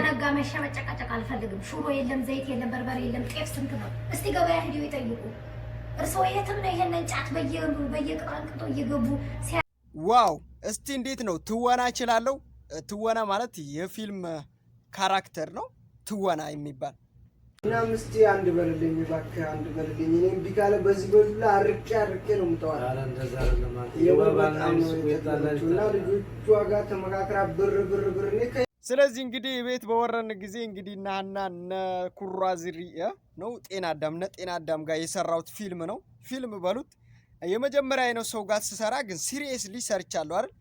ከነጋ መሸ መጨቃጨቅ አልፈልግም። ሹሮ የለም፣ ዘይት የለም፣ በርበሬ የለም፣ ጤፍ ስንት ነው? እስቲ ገበያ ሂደው ይጠይቁ። እርስዎ የትም ነው ይሄንን ጫት በየቅጠንቅጦ እየገቡ ዋው! እስቲ እንዴት ነው ትወና እችላለሁ። ትወና ማለት የፊልም ካራክተር ነው ትወና የሚባል እናም እስቲ አንድ በልልኝ እባክህ፣ አንድ በልልኝ። እኔ እምቢ ካለ በዚህ በሉላ አርቄ አርቄ ነው የምጠዋል። እና ልጆቿ ጋር ተመካክራ ብር ብር ብር ስለዚህ እንግዲህ ቤት በወረን ጊዜ እንግዲህ ናና ነኩራ ዝርያ ነው ጤና አዳም ነ ጤና አዳም ጋር የሰራሁት ፊልም ነው። ፊልም በሉት የመጀመሪያ ነው ሰው ጋር ስሰራ ግን ሲሪየስሊ ሰርቻለሁ አይደል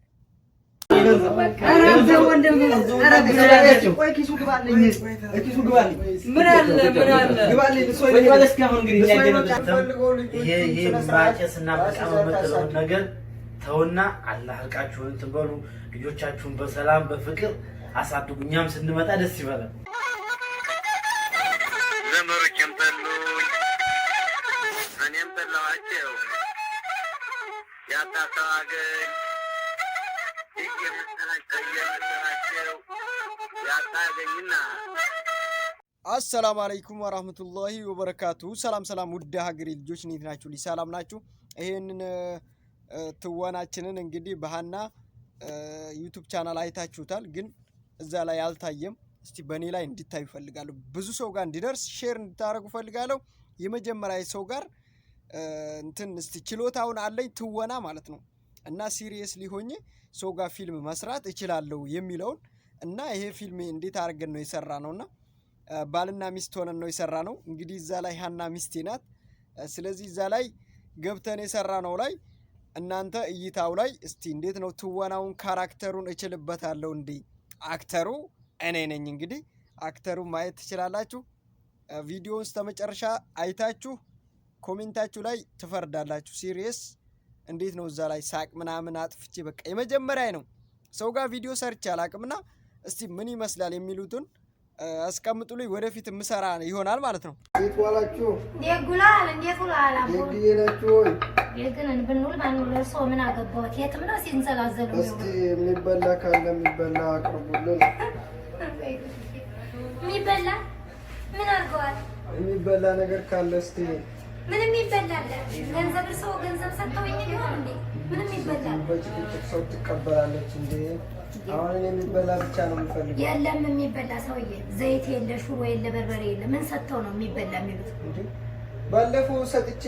ነገር ተውና፣ አላህ እርቃችሁን ትበሉ ልጆቻችሁን በሰላም በፍቅር አሳድጉ። እኛም ስንመጣ ደስ ይበላል። ዘመዶችም ጠሉኝ፣ እኔም ጠላኋቸው። ያጣሰው አገኝ እየመሰናቸው ያጣገኝና አሰላሙ አለይኩም ወራህመቱላሂ ወበረካቱ። ሰላም ሰላም፣ ውድ ሀገሬ ልጆች እንዴት ናችሁ? ሊሰላም ናችሁ? ይሄንን ትወናችንን እንግዲህ በሀና ዩቱብ ቻናል አይታችሁታል ግን እዛ ላይ አልታየም። እስቲ በእኔ ላይ እንዲታዩ ይፈልጋለሁ። ብዙ ሰው ጋር እንዲደርስ ሼር እንድታደረጉ ይፈልጋለሁ። የመጀመሪያ ሰው ጋር እንትን እስቲ ችሎታውን አለኝ ትወና ማለት ነው እና ሲሪየስ ሊሆኝ ሰው ጋር ፊልም መስራት እችላለሁ የሚለውን እና ይሄ ፊልም እንዴት አድርገን ነው የሰራ ነው እና ባልና ሚስት ሆነን ነው የሰራ ነው። እንግዲህ እዛ ላይ ሀና ሚስቴ ናት። ስለዚህ እዛ ላይ ገብተን የሰራ ነው ላይ እናንተ እይታው ላይ እስቲ እንዴት ነው ትወናውን ካራክተሩን እችልበታለሁ እንዴ አክተሩ እኔ ነኝ። እንግዲህ አክተሩ ማየት ትችላላችሁ። ቪዲዮውን ስተመጨረሻ አይታችሁ ኮሜንታችሁ ላይ ትፈርዳላችሁ። ሲሪየስ እንዴት ነው እዛ ላይ ሳቅ ምናምን አጥፍቼ በቃ የመጀመሪያ ነው ሰው ጋር ቪዲዮ ሰርች አላቅምና እስቲ ምን ይመስላል የሚሉትን አስቀምጡልኝ። ወደፊት ምሰራ ይሆናል ማለት ነው። ግን ብንውል ባንውል ሰው ምን አገባሁት? የትም ነው ሲንዘላዘሉ። እስቲ የሚበላ ካለ የሚበላ አቅርቡልን። የሚበላ ምን አድርገዋል? የሚበላ ነገር ካለ እስቲ ምንም ይበላል። ገንዘብ ሰው ገንዘብ ሰጥተውኝ ሊሆን እንዴ? ሰው ትቀበላለች እንዴ? አሁን የሚበላ ብቻ ነው የምፈልገው። የለም የሚበላ ሰውዬ፣ ዘይት የለ፣ ሽሮ የለ፣ በርበሬ የለ። ምን ሰጥተው ነው የሚበላ የሚሉት? ባለፈው ሰጥቼ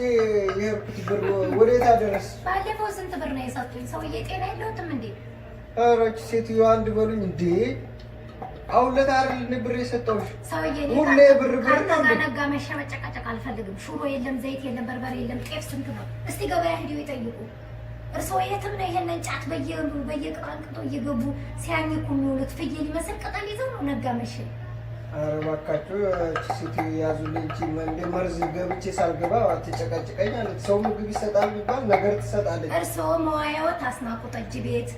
የሄድኩት ብር ወዴት አደረስ? ባለፈው ስንት ብር ነው የሰጡኝ? ሰውዬ ጤና የለውትም እንዴ? አረች ሴትዮዋ አንድ በሉኝ እንዴ። አሁን ለታ አይደል ብር የሰጠሁሽ? ሰውዬ ሁሌ ብር ብር ነው እንዴ? ነጋ መሸ መጨቃጨቅ አልፈልግም። ሹሮ የለም፣ ዘይት የለም፣ በርበሬ የለም፣ ጤፍ ስንት ብር? እስቲ ገበያ ሄደው ይጠይቁ። እርስዎ የትም ነው ይሄን ጫት በየሉ በየቅጠንቅጦ እየገቡ ሲያኝኩ የሚውሉት ፍየል ይመስል ቅጠል ይዘው ነው ነጋ መሸ ኧረ እባካችሁ ሴትዮ ያዙልኝ እንደ መርዝ ገብቼ ሳልገባ አትጨቃጭቀኝ አለች። ሰው ምግብ ይሰጣል የሚባል ነገር ትሰጣለች። እርስዎ መዋያዎት አስናቁ ጠጅ ቤት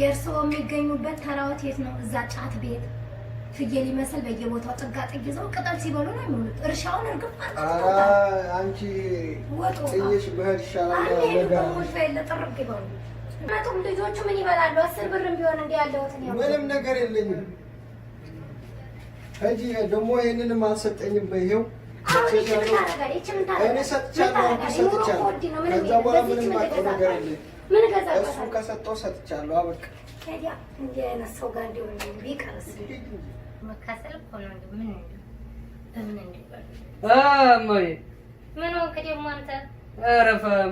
የእርስዎ የሚገኙበት ተራዎት የት ነው? እዛ ጫት ቤት ፍየል ይመስል በየቦታው ጥጋ ጥግ ይዘው ቅጠል ሲበሉ ነው የሚውሉት። እርሻውን እርግፍ አንቺ ጥዬሽ ብሄድ ይሻላል። ጥርግ ይበሉ መጡም ልጆቹ ምን ይበላሉ? አስር ብርም ቢሆን እንዲ ያለሁት ምንም ነገር የለኝም እጂ ደግሞ ይሄንንም አልሰጠኝም። ይሄው እኔ ሰጥቻለሁ፣ ሰጥቻለሁ። ከዛ በኋላ ምንም አውቀው ነገር የለም። እሱ ከሰጠው ሰጥቻለሁ። አበቃ።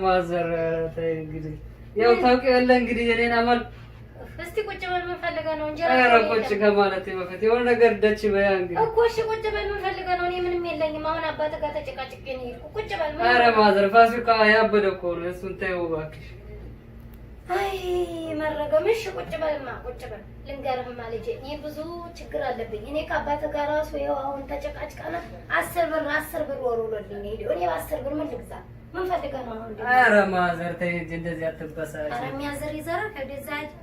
ማዘር ተይ እንግዲህ ያው ታውቂው የለ እንግዲህ የኔን አማል እስቲ ቁጭ በል የምንፈልገው ነው እንጂ ኧረ ቁጭ ከማለት በፊት የሆነ ነገር ደች በያ እኮ እሺ ቁጭ በል የምንፈልገው ነው እኔ ምንም የለኝም አሁን አባትህ ጋር ተጨቃጭቄ ነው የሄድኩት ቁጭ በል ኧረ ማዘር ፋሲካ ያበደ እኮ ነው እሱን ተይው እባክሽ አይ መረገም እሺ ቁጭ በልማ ቁጭ በል ልንገርህማ ልጄ እኔ ብዙ ችግር አለብኝ እኔ ከአባትህ ጋር እራሱ ይኸው አሁን ተጨቃጭቀና አስር ብር አስር ብር ወር ውሎልኝ ሄደው እኔ በአስር ብር ምን ልግዛ ምን ፈልገህ ነው አረ ማዘር ተይ እንጂ እንደዚህ አትበሳጭ አረ የሚያዝር ይዘራ ከቤት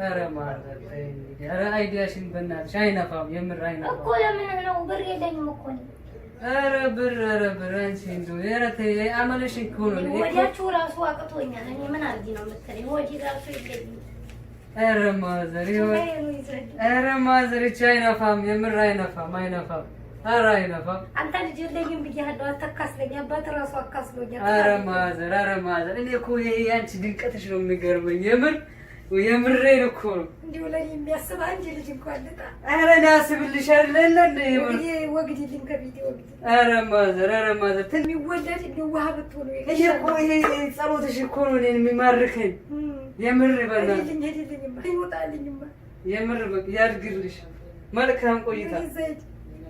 ኧረ ማርያም ኧረ አይዲያሽን በእናትሽ አይነፋም፣ የምር አይነፋም እኮ ለምን ነው ብር የለኝም እኮ ኧረ ብር ኧረ ብር አንቺ እንደው ኧረ ተይ አመለሽኝ እኮ ነው ወዲያችሁ እራሱ አቅቶኛል። ምን አድርጊ ነው የምትለኝ? ኧረ ማዘር ኧረ አይነፋም፣ የምር አይነፋም፣ አይነፋም ኧረ አይነፋም። አንተ ልጅ የለኝም ብያለሁ። አታካስለኝ። አባት እራሱ አካስሎኛል። ኧረ ማዘር ኧረ ማዘር እኔ እኮ የአንቺ ድንቀትሽ ነው የሚገርመኝ የምር የምሬን እኮ ነው። እንዲሁ ለእኔ የሚያስብ አንድ ልጅ እንኳን ልጣ። ኧረ እኔ አስብልሽ አይደለ ወግድልኝ ከቤቴ ኧረ ማዘር፣ ኧረ ማዘር የሚወለድ እንዲዋህ ብትሆኑ ጸሎትሽ እኮ ነው እኔን የሚማርከኝ። የምር በእናትሽ ይውጣልኝማ። የምር ያድግልሽ። መልካም ቆይታ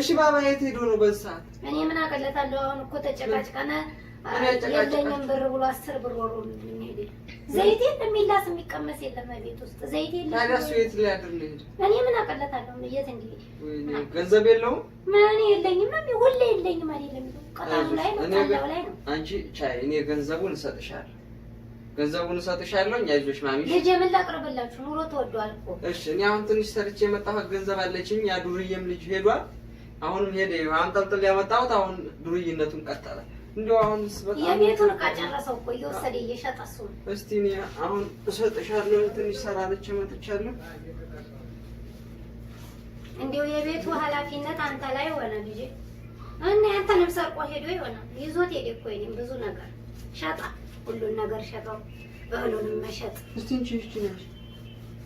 እሺ ባባ የት ሄዶ ነው በዚህ ሰዓት? እኔ ምን አቀለታለሁ? አሁን እኮ ተጨቃጭቀነ የለኝም ብር ብሎ አስር ብር ወሮ ዘይት የለም፣ የሚላስ የሚቀመስ የለም ቤት ውስጥ ዘይት የለም። ታዲያ እሱ የት ሊያድር ሊሄድ? እኔ ምን አቀለታለሁ? የት እንዲህ ገንዘብ የለውም ምን የለኝም፣ ሁሌ የለኝም አይደለም። ቀጣሉ ላይ ነው፣ ጣላው ላይ ነው። አንቺ ቻይ፣ እኔ ገንዘቡን እሰጥሻለሁ ገንዘቡን እሰጥሻለሁ። አይዞሽ ማሚ ልጄ፣ ምን ላቅርብላችሁ? ኑሮ ተወዷል እኮ። እሺ እኔ አሁን ትንሽ ሰርቼ የመጣሁ ገንዘብ አለችኝ። ያ ዱርዬም ልጅ ሄዷል አሁንም ሄደ አንጠልጥል ያመጣሁት አሁን ዱርይነቱን ቀጠለ። እንደው አሁን በጣም የቤቱን ዕቃ ጨረሰው እኮ እየወሰደ እየሸጠ እሱ ነው። እስቲ እኔ አሁን እሰጥሻለሁ ትንሽ ሰራርቼ መጥቻለሁ። እንዲሁ የቤቱ ኃላፊነት አንተ ላይ ሆነ ልጄ እና ያንተ ልብስ አርቆ ሄዶ ይሆናል ይዞት ሄደ እኮ የእኔም ብዙ ነገር ሸጣ፣ ሁሉን ነገር ሸጠው፣ እህሉንም መሸጥ እስቲ እንቺ እንቺ ነሽ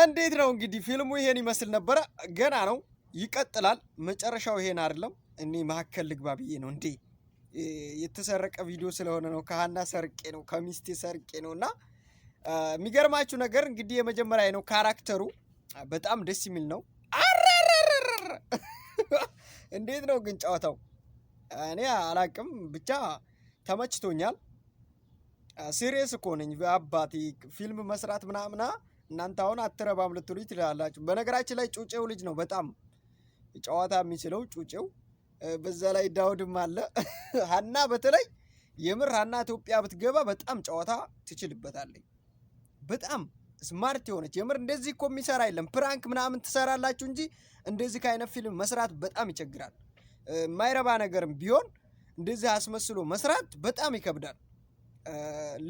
እንዴት ነው እንግዲህ ፊልሙ ይሄን ይመስል ነበረ። ገና ነው ይቀጥላል። መጨረሻው ይሄን አይደለም። እኔ መሀከል ልግባ ብዬ ነው እንዴ የተሰረቀ ቪዲዮ ስለሆነ ነው። ከሀና ሰርቄ ነው ከሚስቴ ሰርቄ ነው። እና የሚገርማችሁ ነገር እንግዲህ የመጀመሪያ ነው። ካራክተሩ በጣም ደስ የሚል ነው። አረረረረ እንዴት ነው ግን ጨዋታው እኔ አላቅም፣ ብቻ ተመችቶኛል። ሲሪየስ እኮ ነኝ አባቴ ፊልም መስራት ምናምና እናንተ አሁን አትረባም ልትሉ ትችላላችሁ። በነገራችን ላይ ጩጬው ልጅ ነው በጣም ጨዋታ የሚችለው ጩጬው። በዛ ላይ ዳውድም አለ። ሀና በተለይ የምር ሀና ኢትዮጵያ ብትገባ በጣም ጨዋታ ትችልበታለኝ። በጣም ስማርት የሆነች የምር እንደዚህ እኮ የሚሰራ የለም። ፕራንክ ምናምን ትሰራላችሁ እንጂ እንደዚህ ከአይነት ፊልም መስራት በጣም ይቸግራል። የማይረባ ነገርም ቢሆን እንደዚህ አስመስሎ መስራት በጣም ይከብዳል።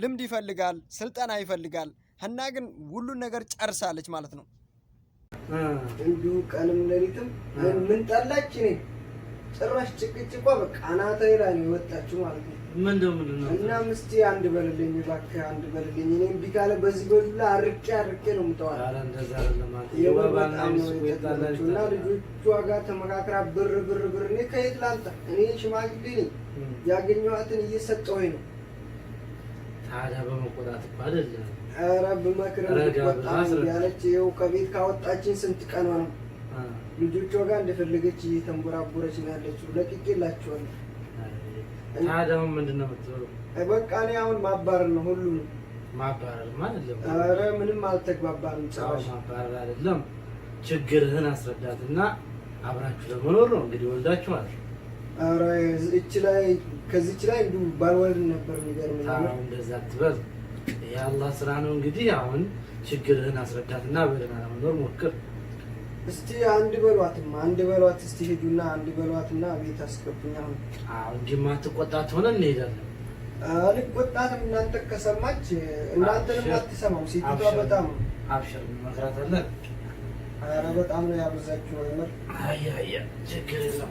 ልምድ ይፈልጋል፣ ስልጠና ይፈልጋል። ሀና ግን ሁሉን ነገር ጨርሳለች ማለት ነው። እንዲሁ ቀንም ሌሊትም ምን ጠላች እኔ ጭራሽ ጭቅጭቋ በቃ አናተ ይላል ነው የወጣችሁ ማለት ነው። ምን ነው ምን ነው እና ምስቲ አንድ በልልኝ እባክህ አንድ በልልኝ። እኔ እምቢ ካለ በዚህ በሉላ አርቄ አርቄ ነው የምተዋል። አረ እንደዛ አይደለም ማለት ነው። እና ልጆቿ ጋር ተመካክራ ብር ብር ብር እኔ ከየት ላምጣ? እኔ ሽማግሌ ነኝ። ያገኘኋትን እየሰጠሁኝ ነው ታዲያ በመቆጣት እኮ አይደለም። ኧረ ይኸው ከቤት ካወጣችን ስንት ቀኗ ነው። ልጆቿ ጋር እንደፈለገች እየተንቦራቦረች ነው ያለችው። ለቅቄላችኋለሁ። ታዲያ አሁን ምንድን ነው በቃ እኔ አሁን ማባረር ነው ሁሉንም ምንም አልተግባባንም። ጭራሽ ማባረር አይደለም። ችግርህን አስረዳትና አብራችሁ ለመኖር ነው እንግዲህ ወልዳችኋል። እች ላይ ከዚች ላይ እንዲሁ ባልወልድ ነበር። የሚገርምህ ነው። እንደዛ ትበል የአላህ ስራ ነው። እንግዲህ አሁን ችግርህን አስረዳትና በደህና ለመኖር ሞክር። እስቲ አንድ በሏትማ አንድ በሏት እስቲ ሂዱና አንድ በሏትና ቤት አስገቡኝ። አሁን እንዲህ ሆነ እንሄዳለን። አልቆጣትም። እናንተ ከሰማች እናንተንም አትሰማው። ሴቷ በጣም አብሽር፣ መክራት አለ። ኧረ በጣም ነው ያበዛችው። ወይምር አያ ችግር የለም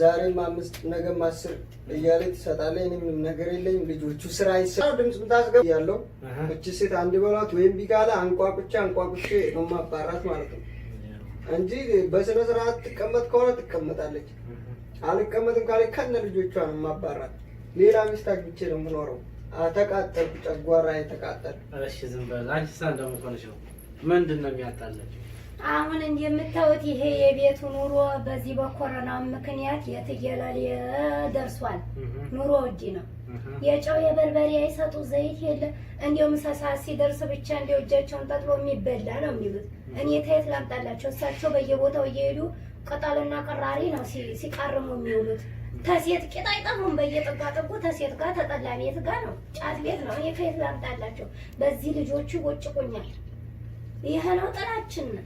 ዛሬም አምስት ነገም አስር እያለ ትሰጣለህ። እኔ ምንም ነገር የለኝም። ልጆቹ ስራ ይሰራ ድምፅ ምታስገባ ያለው እች ሴት አንድ በሏት ወይም ቢጋላ አንቋቁቼ አንቋቁቼ ነው ማባራት ማለት ነው እንጂ በስነ ስርዓት ትቀመጥ ከሆነ ትቀመጣለች። አልቀመጥም ካለ ከነ ልጆቿ ነው ማባራት። ሌላ ሚስት አግብቼ ነው የምኖረው። ተቃጠልኩ፣ ጨጓራ የተቃጠል። እሺ ዝም በል አንቺ። ሳ እንደምኮነሽ ነው ምንድን ነው የሚያጣለች አሁን እንደምታዩት ይሄ የቤቱ ኑሮ በዚህ በኮሮና ምክንያት የትየለሌ ደርሷል። ኑሮ ውድ ነው። የጨው የበርበሬ አይሰጡ ዘይት የለ። እንዲሁም ሰሳት ሲደርስ ብቻ እንዲው እጃቸውን ጠጥሎ የሚበላ ነው የሚሉት። እኔ ተየት ላምጣላቸው? እሳቸው በየቦታው እየሄዱ ቅጠልና ቅራሪ ነው ሲቃርሙ የሚውሉት። ተሴት ቂጥ አይጠፉም። በየጥጋ ጥጉ ተሴት ጋር ተጠላ ቤት ጋር ነው ጫት ቤት ነው። እኔ ከየት ላምጣላቸው? በዚህ ልጆቹ ወጭቁኛል። ይህ ነው ጥላችን ነው።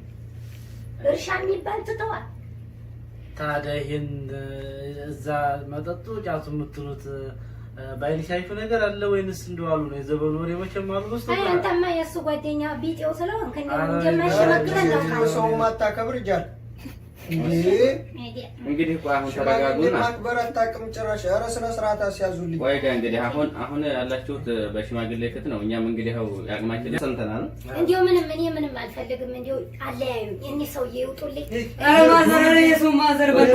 እርሻ የሚባል ትተዋል። ታዲያ ይህን እዛ መጠጡ ጫቱ የምትሉት ባይልሻይፍ ነገር አለ ወይንስ እንደዋሉ ነው? የዘበኑ ወሬ መቼም አሉ። ውስጥ አንተማ የእሱ ጓደኛ ቢጤው ስለሆንክ እንደው ጀመሽ መክተን ነው ሰው ማታከብር ጃል እንግዲህ እኮ አሁን ተረጋጉና ማክበር አታውቅም ጭራሽ። ኧረ ስነ ስርዓት አስያዙልኝ። ቆይ ጋር እንግዲህ አሁን አሁን ያላችሁት በሽማግሌ ፊት ነው። እኛም እንግዲህ ያው አቅማችን ሰንተናል። እንዲሁ ምንም እኔ ምንም አልፈልግም። እንዲሁ አለያዩ እኔ ሰውዬ ይውጡልኝ። ኧረ ማዘር፣ ኧረ የሰው ማዘር በቃ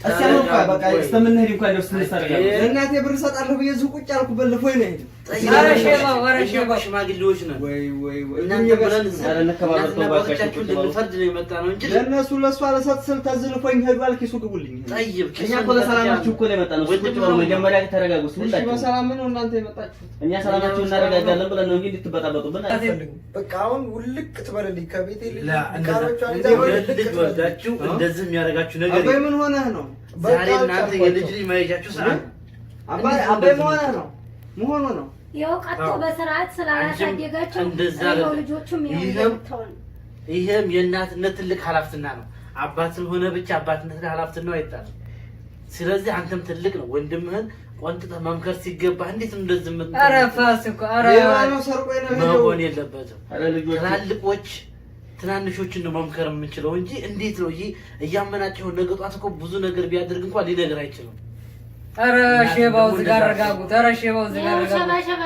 ብር እሰጣለሁ ብዬ እዚሁ ቁጭ አልኩበት። ልፎኝ ነው የሄድን ነው ለእነሱ ለእሱ አልሰጥ ስል ተዝ ልፎኝ ሄዷል። ኪሱ ግቡልኝ። እኛ እኮ ለሰላማችሁ እኮ ነው የመጣነው። መጀመሪያ ተረጋጉ። በሰላም ነው እናንተ የመጣችሁት። እኛ ሰላማችሁ እናረጋጋለን ብለን ነው እንጂ እንድትበጣበጡብን በቃ አሁን ውልቅ ትበልልኝ ከቤቴ ልጅ ወልዳችሁ እንደዚህ የሚያደርጋችሁ ነገር ምን ሆነህ ነው? ዛሬ እናንተ የልጅ ልጅ መሄጃችሁ ስራ አባይ መሆኑ ነው መሆኑ ነው ያው ቀጥቶ በስርዓት ስላላሳደጋቸው ልጆቹም ይህም የእናትነት ትልቅ ኃላፊትና ነው። አባትን ሆነ ብቻ አባትነት ኃላፊትናው አይጣልም። ስለዚህ አንተም ትልቅ ነው ወንድምህን ቆንጥጠ መምከር ሲገባ እንዴት እንደዚህ መሆን የለበትም ትላልቆች ትናንሾችን ነው መምከር የምንችለው እንጂ እንዴት ነው ይህ እያመናጨው? ነገ ጧት እኮ ብዙ ነገር ቢያደርግ እንኳን ሊነገር አይችልም። ኧረ ሼባው እዚህ ጋር ረጋጉት። ኧረ ሼባው እዚህ ጋር ረጋጉት።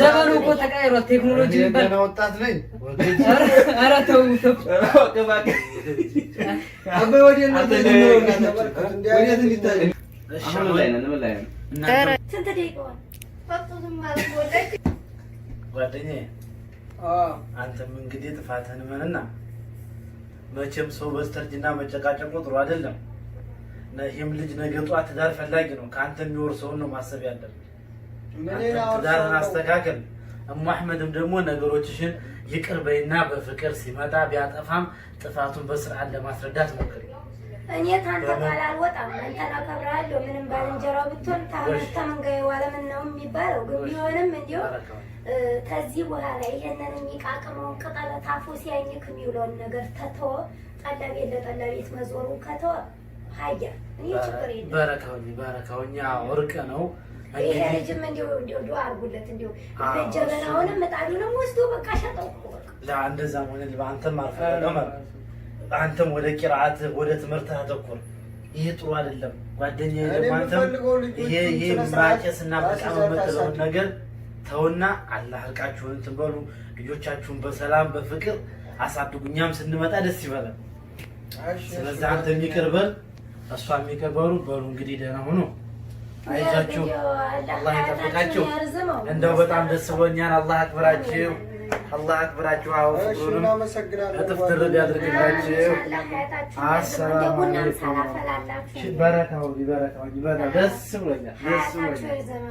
ዘመኑ እኮ ተቀይሯል። ቴክኖሎጂ ወጣት ነኝ። ተው ጓደኛዬ አንተም እንግዲህ ጥፋትህን ምንና መቼም ሰው በስተርጅና መጨቃጨቁ ጥሩ አይደለም። ይህም ልጅ ነገ ጠዋት ትዳር ፈላጊ ነው። ከአንተ የሚወርሰውን ነው ማሰብ ያለብህ። ትዳርን አስተካከል። እሞ አሕመድም ደግሞ ነገሮችሽን ይቅር በይና በፍቅር ሲመጣ ቢያጠፋም ጥፋቱን በስርዓት ለማስረዳት ሞክር። እኔ ከአንተ ቃል አልወጣም። አንተን አከብርሃለሁ። ምንም ባልንጀራው ብትሆን ተመንጋ የዋለ ነው የሚባለው? ግን ቢሆንም እንዲሁ ከዚህ በኋላ ይሄንን የሚቃቅመውን ቅጠለ ታፉ ሲያኝክ የሚውለውን ነገር ተቶ ጠለቤት ለጠለቤት መዞሩ ከቶ ሀያ እኔ ችግር የለም። በረካውኝ በረካውኛ ወርቅ ነው። ይሄ ልጅም እንዲሁ እንዲሁ ዱአ አድርጉለት። እንዲሁ ጀበናውንም እጣዱንም ወስዶ በቃ ሸጠው። ለአንደዛ ሆነ በአንተም አርፈ ዑመር፣ አንተም ወደ ቂርአት ወደ ትምህርት አተኩር። ይሄ ጥሩ አይደለም ጓደኛ። አንተም ይሄ ይሄ ማጨስና በቃ መመጠዘውን ነገር ተውና አላህ እርቃችሁን ትበሉ፣ ልጆቻችሁን በሰላም በፍቅር አሳድጉ። እኛም ስንመጣ ደስ ይበላል። ስለዚህ አንተ የሚቅር በል እሷ የሚቅር በሉ። በሉ እንግዲህ ደህና ሆኖ አይዟችሁ፣ አላህ ይጠብቃችሁ። እንደው በጣም ደስ ብሎኛል። አላህ አክብራችሁ፣ አላህ አክብራችሁ። አሁን ሁሉንም እጥፍ ድርብ ያድርግላችሁ። አሰላሙ አለይኩም። በረካው ይበረካው። ደስ ብሎኛል፣ ደስ ብሎኛል።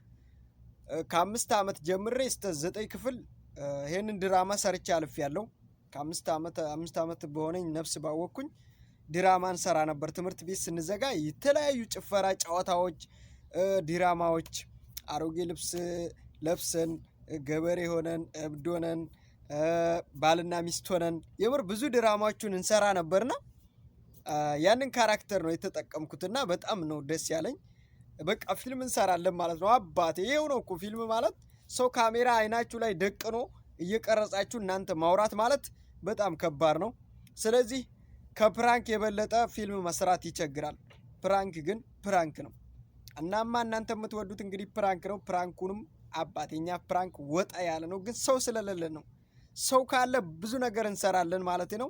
ከአምስት ዓመት ጀምሬ እስከ ዘጠኝ ክፍል ይህንን ድራማ ሰርቼ አልፍ ያለው ከአምስት ዓመት አምስት ዓመት በሆነኝ ነፍስ ባወቅኩኝ ድራማን ሰራ ነበር። ትምህርት ቤት ስንዘጋ የተለያዩ ጭፈራ ጨዋታዎች፣ ድራማዎች አሮጌ ልብስ ለብሰን ገበሬ ሆነን እብድ ሆነን ባልና ሚስት ሆነን የምር ብዙ ድራማዎቹን እንሰራ ነበርና ያንን ካራክተር ነው የተጠቀምኩትና በጣም ነው ደስ ያለኝ። በቃ ፊልም እንሰራለን ማለት ነው። አባቴ ይሄው ነው እኮ ፊልም ማለት ሰው ካሜራ አይናችሁ ላይ ደቅኖ እየቀረጻችሁ እናንተ ማውራት ማለት በጣም ከባድ ነው። ስለዚህ ከፕራንክ የበለጠ ፊልም መስራት ይቸግራል። ፕራንክ ግን ፕራንክ ነው። እናማ እናንተ የምትወዱት እንግዲህ ፕራንክ ነው። ፕራንኩንም አባቴኛ ፕራንክ ወጣ ያለ ነው፣ ግን ሰው ስለሌለን ነው። ሰው ካለ ብዙ ነገር እንሰራለን ማለት ነው።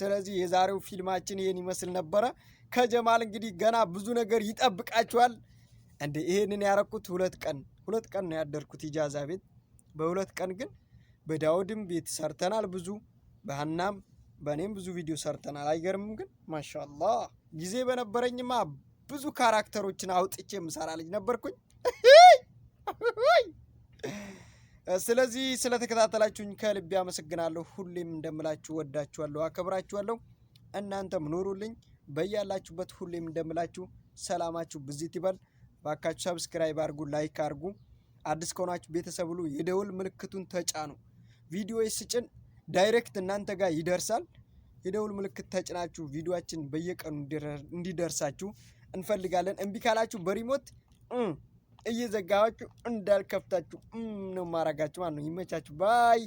ስለዚህ የዛሬው ፊልማችን ይህን ይመስል ነበረ። ከጀማል እንግዲህ ገና ብዙ ነገር ይጠብቃችኋል። እንዴ ይሄንን ያረኩት ሁለት ቀን ሁለት ቀን ነው ያደርኩት ኢጃዛ ቤት። በሁለት ቀን ግን በዳውድም ቤት ሰርተናል ብዙ በሀናም በእኔም ብዙ ቪዲዮ ሰርተናል። አይገርምም ግን ማሻላ ጊዜ በነበረኝማ ብዙ ካራክተሮችን አውጥቼ የምሰራ ልጅ ነበርኩኝ። ስለዚህ ስለተከታተላችሁኝ ከልብ አመሰግናለሁ። ሁሌም እንደምላችሁ ወዳችኋለሁ፣ አከብራችኋለሁ። እናንተም ኑሩልኝ በያላችሁበት። ሁሌም እንደምላችሁ ሰላማችሁ ብዚት ይበል። ባካችሁ ሰብስክራይብ አርጉ፣ ላይክ አርጉ። አዲስ ከሆናችሁ ቤተሰብ ሁሉ የደውል ምልክቱን ተጫኑ። ቪዲዮ ስጭን ዳይሬክት እናንተ ጋር ይደርሳል። የደውል ምልክት ተጭናችሁ ቪዲዮችን በየቀኑ እንዲደርሳችሁ እንፈልጋለን። እምቢ ካላችሁ በሪሞት እየዘጋባችሁ እንዳልከፍታችሁ ነው ማረጋችሁ ማለት ነው። ይመቻችሁ ባይ